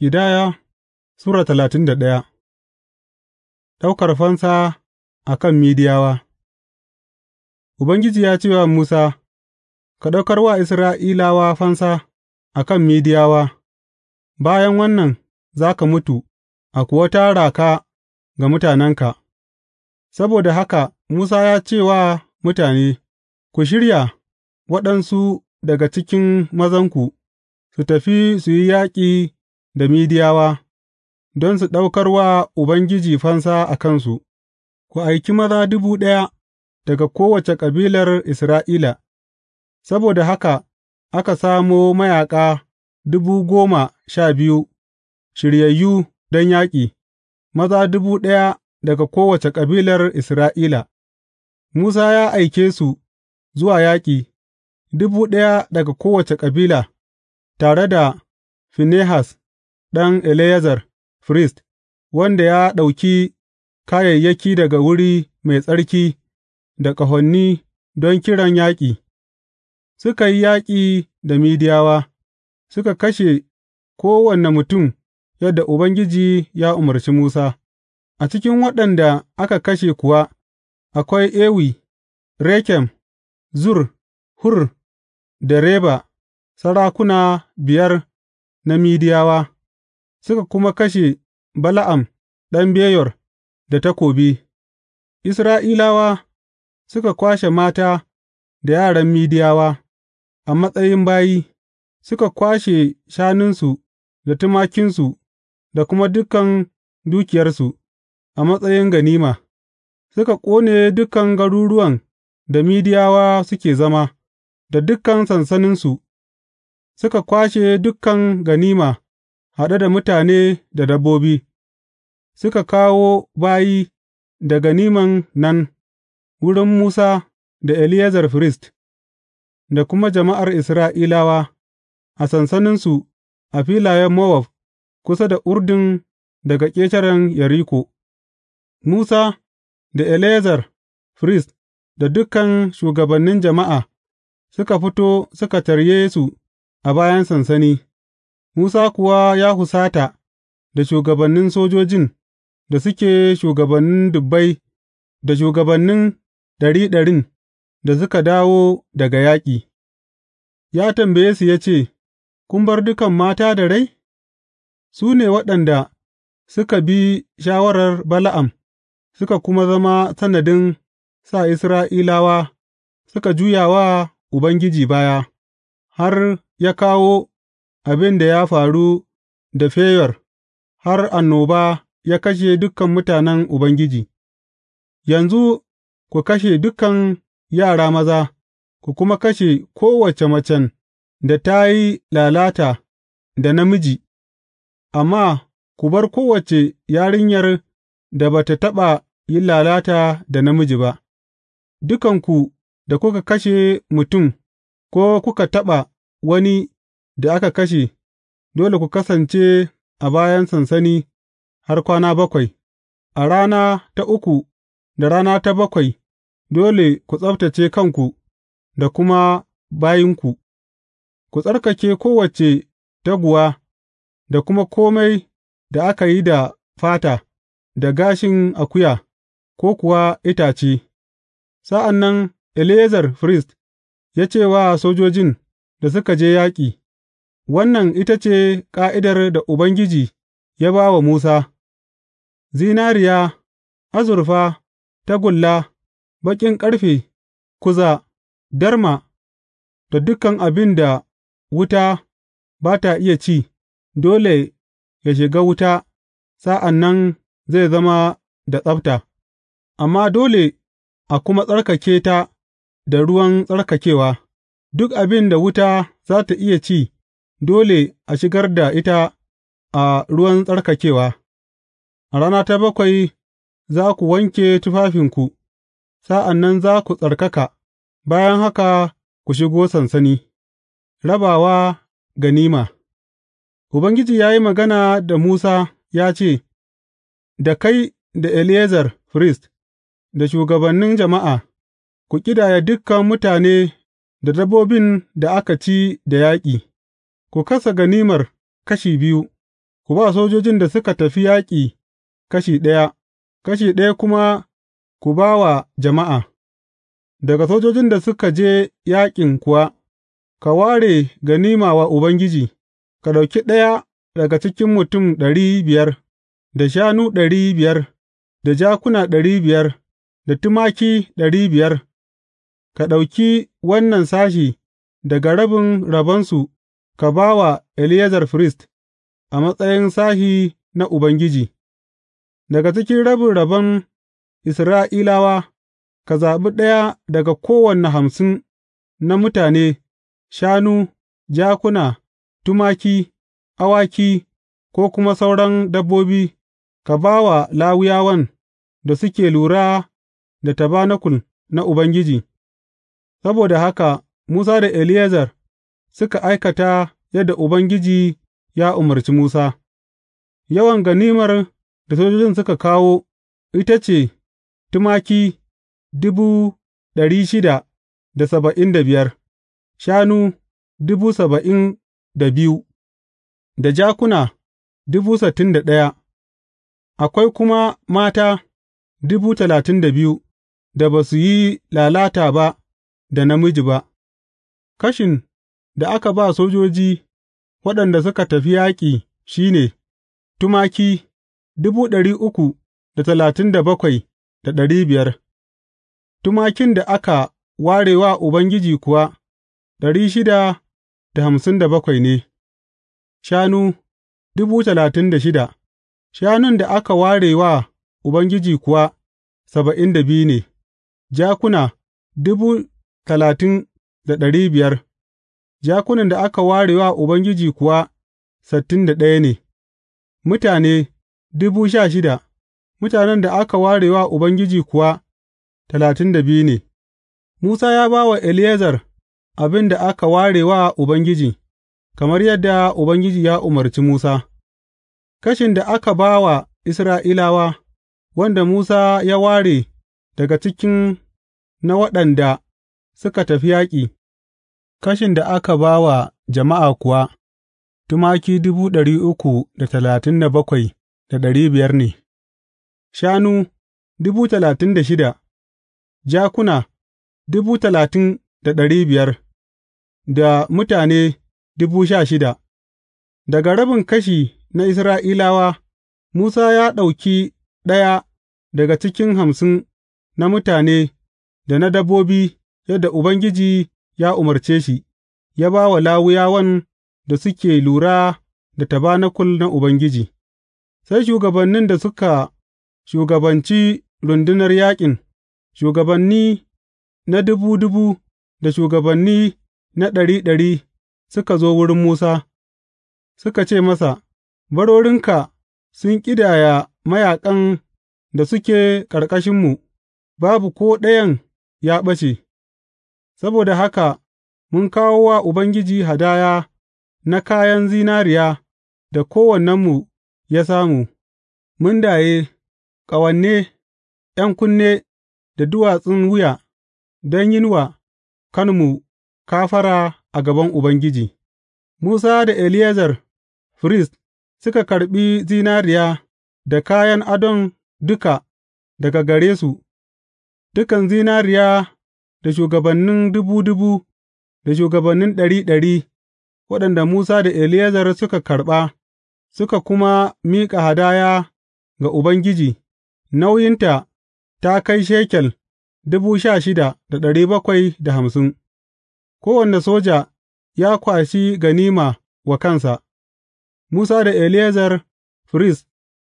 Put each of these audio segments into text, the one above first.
Ƙidaya Sura talatin da ɗaya. Ɗaukar fansa a kan Midiyawa Ubangiji ya ce wa Musa, Ka ɗaukar wa Isra'ilawa fansa a kan Midiyawa, bayan wannan za ka mutu a kuwa tara ka ga mutanenka, saboda haka Musa ya ce wa mutane, Ku shirya waɗansu daga cikin mazanku su tafi su yi yaƙi da Midiyawa, don su ɗaukar wa Ubangiji fansa a kansu, ku aiki maza dubu ɗaya daga kowace kabilar Isra'ila, saboda haka aka samo mayaƙa dubu goma sha biyu, shiryayyu don yaƙi, maza dubu ɗaya daga kowace kabilar Isra'ila. Musa ya aike su zuwa yaƙi, dubu ɗaya daga kowace kabila, tare da Finehas. ɗan Eleyazar, firist, wanda ya ɗauki kayayyaki daga wuri mai tsarki da ƙahoni don kiran yaƙi, suka yi yaƙi da Midiyawa, suka kashe kowane mutum yadda Ubangiji ya umarci Musa, a cikin waɗanda aka kashe kuwa akwai Ewi, Rekem, Zur, Hur da Reba, sarakuna biyar na Midiyawa. suka kuma kashe Bala'am ɗan Beyor da takobi, Isra'ilawa suka kwashe mata da yaran Midiyawa a matsayin bayi, suka kwashe shanunsu da tumakinsu da kuma dukan dukiyarsu a matsayin ganima, suka ƙone dukan garuruwan da Midiyawa suke zama, da dukan sansaninsu, suka kwashe dukan ganima. haɗe da mutane da dabbobi, suka kawo bayi da ganiman nan wurin Musa da Eleyazar firist, da kuma jama'ar Isra'ilawa a sansaninsu a filayen Mowab kusa da Urdun daga ƙetaren Yeriko, Musa da Eleyazar firist da dukan shugabannin jama'a suka fito suka tarye su a bayan sansani. Musa kuwa ya husata da shugabannin sojojin da suke shugabannin dubbai da shugabannin ɗari ɗarin da suka dawo daga yaƙi, ya tambaye su ya ce, Kun bar dukan mata da rai, su ne waɗanda suka bi shawarar Bala'am suka kuma zama sanadin sa Isra'ilawa suka juya wa Ubangiji baya, har ya kawo abin da ya faru da Feyor har annoba ya kashe dukan mutanen Ubangiji, yanzu ku kashe dukan yara maza, ku kuma kashe kowace macen da ta yi lalata da namiji, amma ku bar kowace yarinyar da ba ta taɓa yi lalata da namiji ba, dukanku da kuka kashe mutum ko kuka taɓa wani da aka kashe, dole ku kasance a bayan sansani har kwana bakwai, a rana ta uku da rana ta bakwai dole ku tsabtacce kanku da kuma bayinku, ku tsarkake kowace taguwa da kuma kome da aka yi da fata, da gashin akuya, ko kuwa itace. Sa'an nan Eleyazar firist ya ce wa sojojin da suka je yaƙi. Wannan ita ce ƙa'idar da Ubangiji ya ba wa Musa, Zinariya, azurfa, tagulla, baƙin ƙarfe, kuza, darma, da dukan abin da wuta ba ta iya ci, dole ya shiga wuta sa'an nan zai zama da tsabta, amma dole a kuma tsarkake ta da ruwan tsarkakewa, duk abin da wuta za ta iya ci. dole a shigar da ita a ruwan tsarkakewa, a rana ta bakwai za ku wanke tufafinku, sa'an nan za ku tsarkaka, bayan haka ku shigo sansani. Rabawa ganima Ubangiji ya yi magana da Musa ya ce, Da kai da eliezer firist, da shugabannin jama'a, ku ƙidaya dukan mutane da dabbobin da aka ci da yaƙi. Ku kasa ganimar kashi biyu, ku ba sojojin da suka tafi yaƙi kashi ɗaya, kashi ɗaya kuma ku ba wa jama'a, daga sojojin da suka je yaƙin kuwa, ka ware ganima wa Ubangiji, ka ɗauki ɗaya daga cikin mutum ɗari biyar, da shanu ɗari biyar, da jakuna ɗari biyar, da tumaki ɗari biyar, ka ɗauki wannan sashi daga rabin rabonsu. Ka ba wa Eleyazar firist, a matsayin sahi na Ubangiji, daga cikin rabin rabon Isra'ilawa, ka zaɓi ɗaya daga kowane hamsin na mutane, shanu, jakuna, tumaki, awaki, ko kuma sauran dabbobi, ka ba wa Lawiyawan da suke lura da tabanakul na Ubangiji, saboda haka Musa da Eleyazar. suka aikata yadda Ubangiji ya umarci Musa, yawan ganimar da sojojin suka kawo ita ce tumaki dubu ɗari shida da saba'in da biyar, shanu dubu saba'in da biyu, da jakuna dubu sittin da ɗaya, akwai kuma mata dubu talatin da biyu da ba su yi lalata ba da namiji ba, kashin da aka ba sojoji waɗanda suka tafi yaƙi shi ne, tumaki tumakin da aka ware wa Ubangiji kuwa ɗari shida da hamsin da bakwai ne, shanu dubu talatin da shida, shanun da aka ware wa Ubangiji kuwa saba'in da biyu ne, jakuna dubu talatin da ɗari biyar, Jakunan da aka ware wa Ubangiji kuwa sittin da ɗaya ne, mutane dubu sha shida, mutanen da aka ware wa Ubangiji kuwa talatin da biyu ne, Musa ya ba wa eliezer abin da aka ware wa Ubangiji, kamar yadda Ubangiji ya umarci Musa, kashin da aka ba wa Isra'ilawa, wanda Musa ya ware daga cikin na waɗanda suka tafi yaƙi. Kashin da aka ba wa jama'a kuwa, tumaki dubu ɗari ɗari uku da da da talatin bakwai biyar ne, shanu dubu talatin da shida, jakuna dubu talatin da ɗari biyar, da mutane dubu sha shida Daga rabin kashi na Isra'ilawa, Musa ya ɗauki ɗaya daga cikin hamsin na mutane da na dabbobi yadda Ubangiji ya umarce shi, ya ba wa Lawiyawan da suke lura da tabanakul na Ubangiji, sai shugabannin da suka shugabanci rundunar yaƙin, shugabanni na dubu dubu da shugabanni na ɗari ɗari suka zo wurin Musa, suka ce masa, Barorinka sun ƙidaya mayaƙan da suke ƙarƙashinmu, babu ko ɗayan ya ɓace. Saboda haka mun kawo wa Ubangiji hadaya na kayan zinariya da kowannenmu ya samu, mundaye, ƙawanne ’yan kunne da duwatsun wuya, don yin wa kanmu kafara a gaban Ubangiji, Musa da Eliezer firist suka karɓi zinariya da kayan adon duka daga gare su, dukan zinariya da shugabannin dubu dubu, da shugabannin ɗari ɗari, waɗanda Musa da Eleyazar suka karɓa, suka kuma miƙa hadaya ga Ubangiji, nauyinta ta kai shekel dubu sha shida da ɗari bakwai da hamsin, kowane soja ya kwashi ganima wa kansa, Musa da Eleyazar firist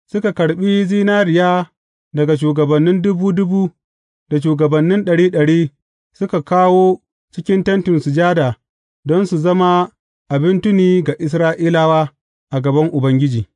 suka karɓi zinariya daga shugabannin dubu dubu da shugabannin ɗari ɗari suka kawo cikin Tentin Sujada don su zama abin tuni ga Isra'ilawa a gaban Ubangiji.